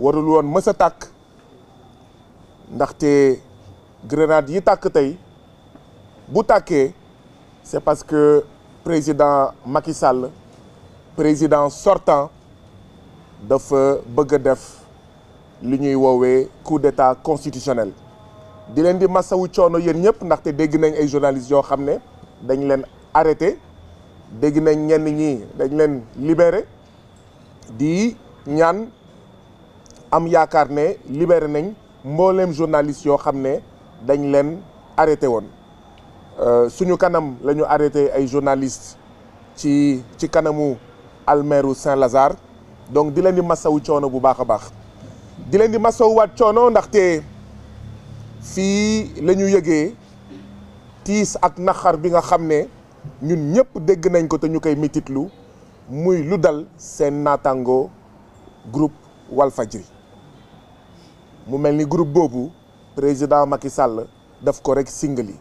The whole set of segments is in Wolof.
warul woon mës tak ndaxte grenade yi tak tay bu také c'est parce que président Macky Sall président sortant dafa bëgg def li ñuy coup d'état constitutionnel di leen di masawu choono yeen ñëpp ndaxte dégg nañ ay journalistes yo xamné dañ leen arrêté dégg nañ ñenn ñi dañ libéré di ñaan am yaakaar ne libéré nañ mbolém journaliste yo xamné dañ leen arrêté euh suñu kanam lañu arrêté ay journaliste ci ci kanamu almeru Saint-Lazare donc di leen di masawu choono bu baax a baax di leen di masawuwaat coono ndaxte fii la ñu yëgee tiis ak naxar bi nga xamné ñun ñëpp dégg nañ ko té ñukay mititlu muy lu dal sen natango groupe Walfadjri mu melni groupe Bobu, président Macky Sall daf ko rek singali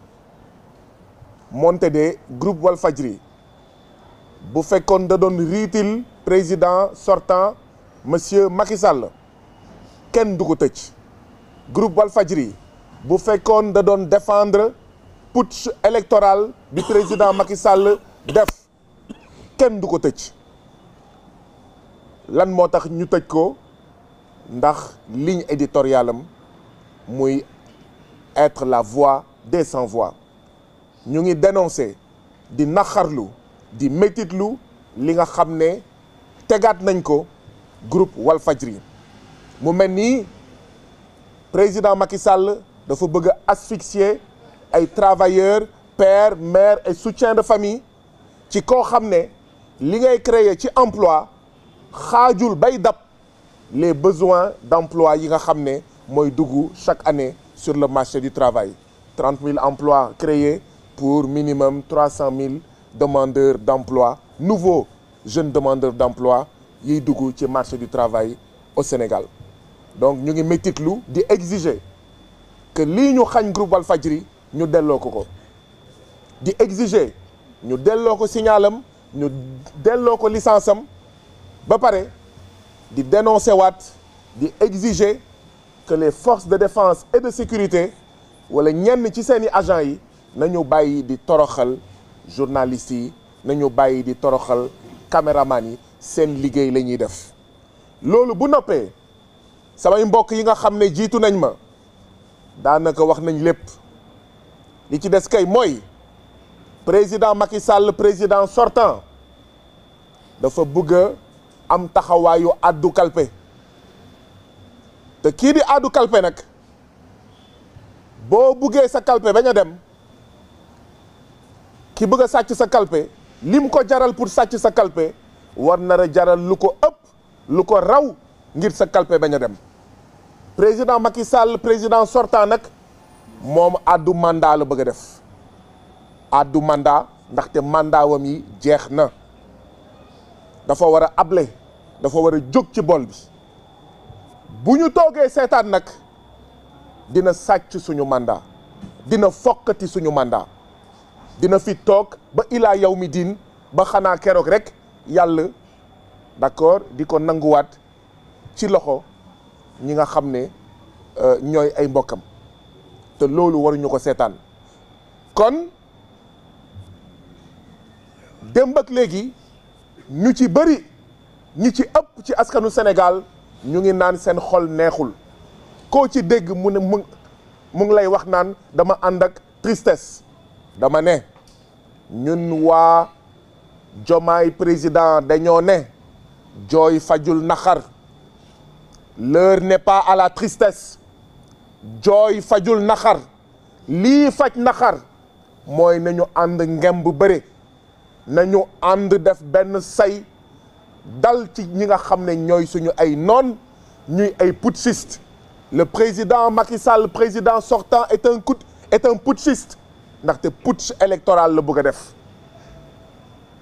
moonte de groupe Fadjri bu fekkoon da doon ritil président sortant monsieur Macky Sall ken duko tecc groupe groupe Fadjri bu fekkoon da doon défendre putsch électoral du président Macky Sall def ken duko tecc lan motax ñu tecc ko ndax ligne éditoriale moy être la voix des sans voix ñu ngi dénoncer di naxarlu di métitlu li nga xamné tégat nañ ko groupe Walfadjri mu melni président Macky Sall dafa bëgg asphyxier ay travailleurs pères mères et soutien de famille ci ko xamné li ngay créer ci emploi bay dab les besoins d'emploi chaque année sur le marché du travail. 30 000 emplois créés pour minimum 300 000 demandeurs d'emploi, nouveaux jeunes demandeurs d'emploi, qui sur le marché du travail au Sénégal. Donc nous avons mis exiger que ce que nous avons groupe Al-Fajri, nous avons exigé nous avons signal, nous avons licence, di dénoncer waat di exiger que les forces de défense et de sécurité wala ñenn ci seeni agents yi nañu de di toroxal journalistes yi nañu bàyyi di toroxal caméraman yi seen liggéey la ñuy def loolu bu noppee samay mbokk yi nga xam ne jiitu nañ ma daanaka wax nañ lépp li ci des kay mooy président Macky Sall président sortant dafa bëgg bouger. am taxawaayu addu kalpe te kii di addu kalpe nag boo buggee sa kalpe bañ dem ki bëgg sàcc sa kalpe lim ko jaral pour sàcc sa kalpe war nar a jaral lu ko ëpp lu ko raw ngir sa kalpe bañ dem président Macky Sall président sortant nag moom addu mandat la bëgg a def addu mandat ndaxte mandat wam yi jeex na dafa war a able dafa war a jóg ci bool bi bu ñu toogee seetaan nag dina sàcc suñu mandat dina fokkati suñu mandat dina fi toog ba illaa yow mi diin ba xanaa keroog rek yàlla d'accord di ko nanguwaat ci loxo ñi nga xam ne euh, ñooy ay mbokkam te loolu waruñu ko seetaan kon démb ak léegi ñu ci bëri ñi ci ëpp ci askanu Sénégal ñu ngi naan seen xol neexul koo ci dégg mu ne mu ngi lay wax naan dama ànd ak tristesse dama ne ñun waa Jomaay président dañoo ne jooy fajul naxar l'heure n'est pas à la tristesse jooy fajul naxar lii faj naxar mooy nañu ànd ngemb bëre nañu ànd def benn say dal ci ñi nga xam ne suñu ay non ñuy ay putschiste le président Macky Sall président sortant est un coup est un putschiste té putsch électoral le bëgg def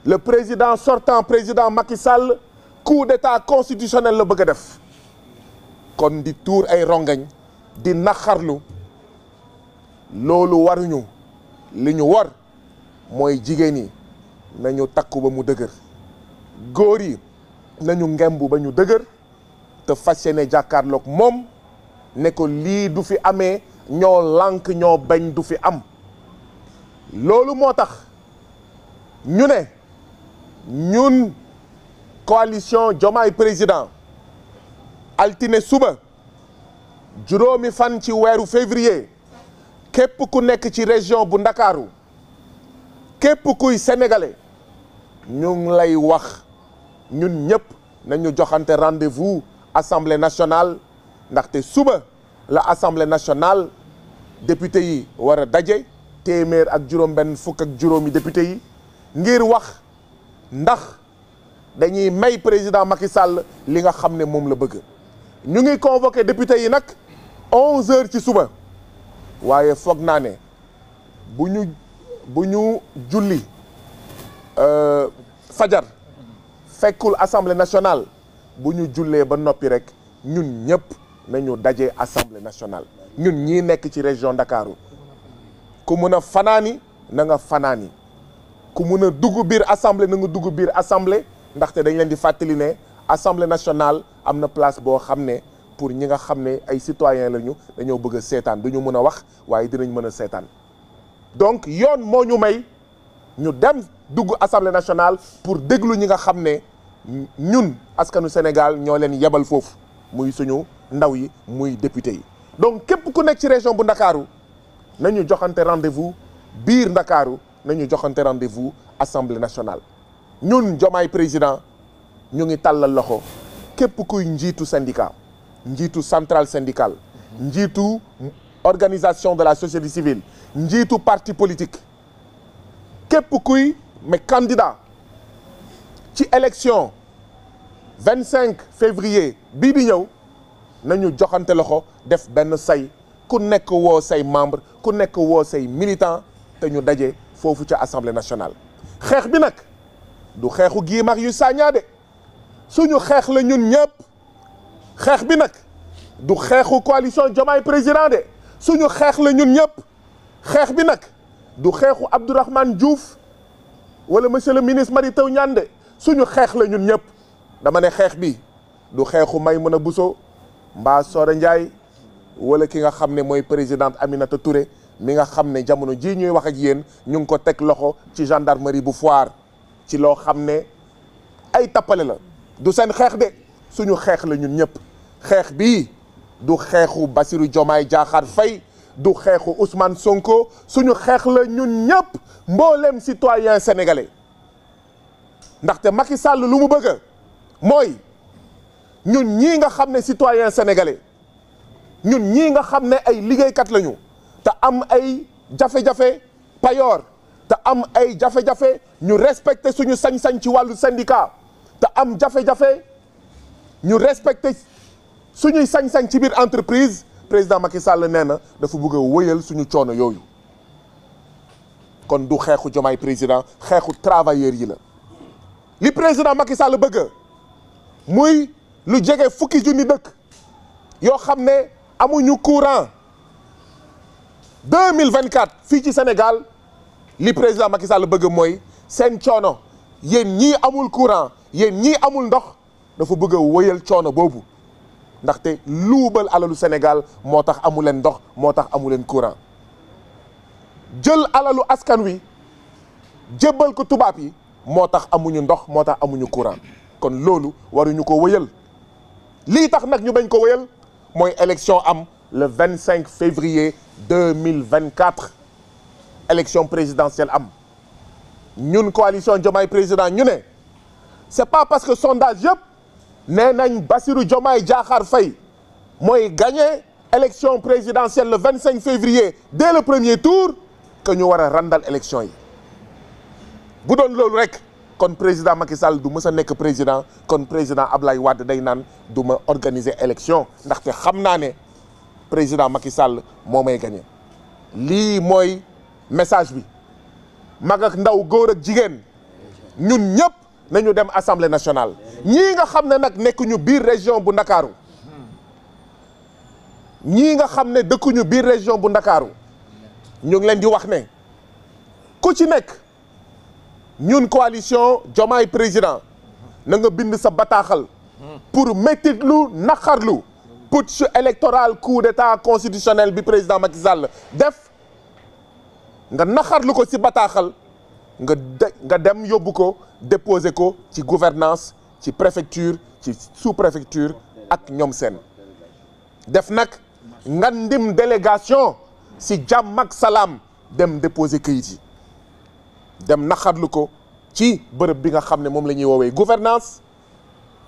le président sortant président Macky Sall coup d'état constitutionnel le bëgg a def kon di tour ay rongagne di naxarlu lolu waruñu liñu war moy jigéen nañu takku ba mu dëgër nañu ngemb ba ñu dëgër te fas yéene jàkkaarloog moom ne lii du fi amee ñoo lànk ñoo bañ du fi am loolu moo tax ñu ne ñun coalition Diomaye Président altine suba juróomi fan ci weeru février képp ku nekk ci région bu Ndakaaru képp kuy sénégalais ñu lay wax ñun ñëpp nañu joxante rendez-vous assemblée nationale ndaxte suba la assemblée nationale député yi war daje téeméer ak juróom-benn fukk ak juróomi député yi ngir wax ndax dañuy may président Macky Sall li nga xam ne moom la bëgg ñu ngi convoqué député yi nag onze heures ci suba waaye foog naa ne bu ñu bu ñu julli euh, fajar fekkul assemblée nationale bu ñu jullee ba noppi rek ñun ñëpp nañu daje assemblée nationale ñun ñii nekk ci région Ndakaaru ku mun a fanaani nanga nga fanaani ku mun a dugg biir assemblée na nga dugg biir assemblée ndaxte dañ leen di fàttali ne assemblée nationale am na place boo xam ne pour ñi nga xam ne ay citoyens lañu dañoo bëgg a seetaan du ñu mën a wax waaye dinañ mën a seetaan donc yoon moo ñu may. Nous dem à l'Assemblée nationale pour déglu ñi nga ñun askanu Sénégal nous sommes yebal muy suñu ndaw yi muy donc képp ku nekk ci région de Dakar nous rendez-vous biir Dakar, nous Nous rendez-vous l'Assemblée nationale ñun train président nous ngi loxo képp syndicat nous centrale syndicale organisation de la société civile njiitu parti politique que kuy candidats candidats, ci élection 25 25 février nous nous nous nañu def ben say ku nous say membre ku say militant te ñu daje assemblée nationale bi du nous Marius Sagna de suñu xeex nous ñun du coalition président de nous du xeexu Abdourahmane Diouf wala monsieur ministre Mary Teuw Niane de suñu xeex la ñun ñëpp dama ne xeex bi du xeexu may Maïmouna Bousso mbaa Soda Ndiaye wala ki nga xam ne mooy président présidente Aminata Touré mi nga xam ne jamono jii ñuy wax ak ñu ngi ko teg loxo ci gendarmerie bu Foire ci loo xam ne ay tappale la du seen xeex de suñu xeex la ñun ñëpp xeex bi du xeexu Bassirou jomaay Diakhar Faye du xeexu Ousmane Sonko suñu xeex la ñun ñëpp mbooleem citoyen sénégalais ndaxte Macky Sall lu mu bëgg mooy ñun ñii nga xam ne citoyen sénégalais ñun ñii nga xam ne ay liggéeykat lañu te am ay jafe-jafe payoor te am ay jafe-jafe ñu respecté suñu sañ-sañ ci wàllu syndicat te am jafe-jafe ñu respecté suñuy sañ-sañ ci biir entreprise président Macky Sall na dafa bëgg a suñu choono kon du Le président xeexu travailleurs yi la li président Macky Sall bëgg muy lu fukki dëkk yo xamné amuñu courant 2024 fi ci Sénégal li président Macky Sall bëgg moy sen choono yeen ñi amul courant yeen ñi amul ndox dafa bëgg a choono bobu ndaxte loubal alalu Sénégal motax amulen amu leen ndox moo tax courant jël alalu askan wi jébbal ko tubaab yi moo amuñu ndox motax amuñu courant kon lolu waruñu ko wëyal li tax nak ñu bañ ko wëyal moy élection am le 25 février 2024 élection présidentielle am ñun coalition Diomaye président ñu c'est pas parce que sondage nee nañ Bassirou Diomaye Diakhar Faye mooy gagné élection présidentielle le 25 février dès le premier tour que ñu wara randal élection yi bu doon lolu rek kon président Macky Sall du mësa nek président kon président Ablaye Wade day nan organisé l'élection organiser élection ndax té xamna né président Macky Sall moo gagné Li message bi mag ak ndaw goor ak jigen ñun nañu dem assemblée nationale ñii nga xamné nak nag ñu biir région bu ndakaaru Ñi nga xamné ne ñu biir région bu ndakaaru ñu ngi leen di wax né ku ci nek ñun coalition jomay président na nga bind sa bataxal pour lu naqarlu putsch électoral coup d'état constitutionnel bi président Macky def nga naqarlu ko ci nga de nga dem ko déposer ko ci gouvernance ci préfecture ci sous-préfecture ak ñoom seen def nga ndim délégation si jàmm Mak Salam dem déposer këyit dem naxarlu ko ci bërëb bi nga xam mom lañuy wowe gouvernance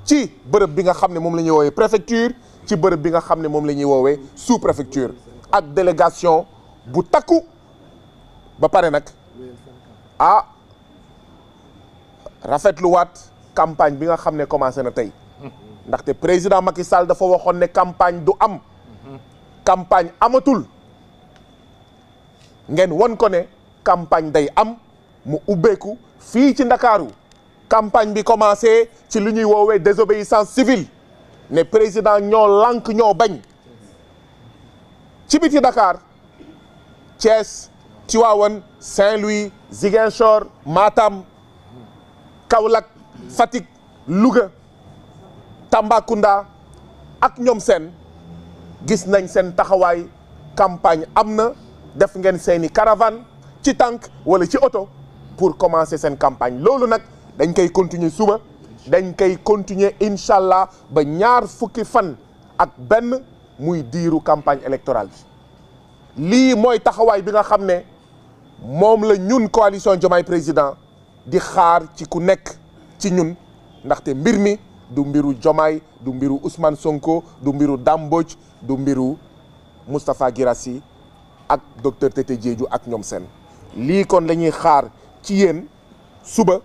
ci bërëb bi nga xam mom lañuy wowe préfecture ci bërëb bi nga xam mom lañuy wowe sous-préfecture ak délégation bu takku ba paré nak ah rafetluwaat campagne bi nga xam ne commencé na tey ndaxte président Macky Sall dafa waxoon ne campagne du am campagne amatul ngeen won ko ne campagne day am mu ubbeeku fii ci Ndakaaru campagne bi commencé ci lu ñuy woowee désobéissance civile ne président ñoo lank ñoo bañ ci biti ndakaar Thiès Tiwawan, Saint-Louis Ziguinchor Matam Kaulak, Fatik, Louga Tambacounda ak ñom sen gis nañ sen campagne amne, def ngeen seeni caravane ci tank wala ci auto pour commencer sen campagne lolu nak, dañ koy continuer suba dañ koy continuer inshallah ba ñaar fukki fan ak ben muy diru campagne électorale Li moy mooy bi nga xamné moom la ñun coalition Diomaye Président di xaar ci ku nekk ci ñun ndaxte mbir mi du mbiru Diomaye du mbiru Ousmane Sonko du mbiru Dame du mbiru Moustapha Guirassy ak docteur Tete Diédhiou ak ñoom seen lii kon lañuy xaar ci yéen suba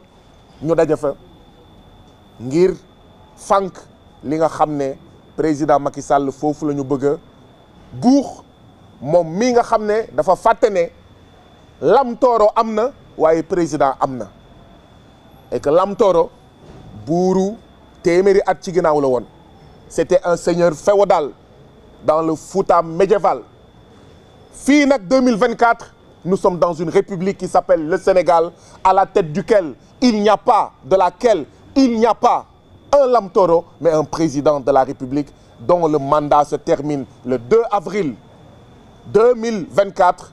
ñu daje fa ngir fànq li nga xam ne président Macky sàll foofu la ñu bëgg a guux moom mii nga xam ne dafa fàtte ne Lamtoro Toro Amna... président Amna... et que Lamtoro, bourou téméré, at c'était un seigneur féodal dans le Fouta médiéval Fin 2024 nous sommes dans une république qui s'appelle le Sénégal à la tête duquel il n'y a pas de laquelle il n'y a pas un Toro... mais un président de la République dont le mandat se termine le 2 avril 2024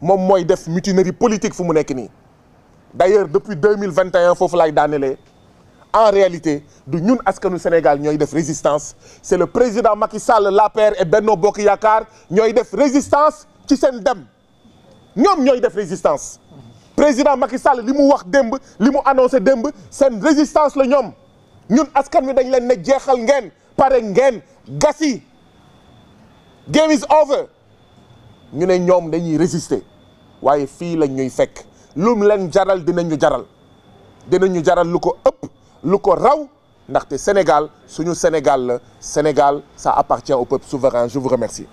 C'est mooy def mutinerie politique fu mu d'ailleurs depuis 2021, il vingt et en réalité nous, ñun askanu Sénégal ñooy def résistance c'est le président Macky Sall père et Benno Bokk qui ñooy def résistance ci s'en dem ñoom ñooy def résistance président Macky Sall li mu wax démb li mu annoncé c'est résistance Nous, les ñun askan wi dañ leen ne jeexal game is over nous, ne nous dañuy résister waaye fi lañ ñuy fekk nous leen jaral dinañu jaral dinañu jaral luko ëpp raw Sénégal suñu Sénégal Sénégal ça appartient au peuple souverain je vous remercie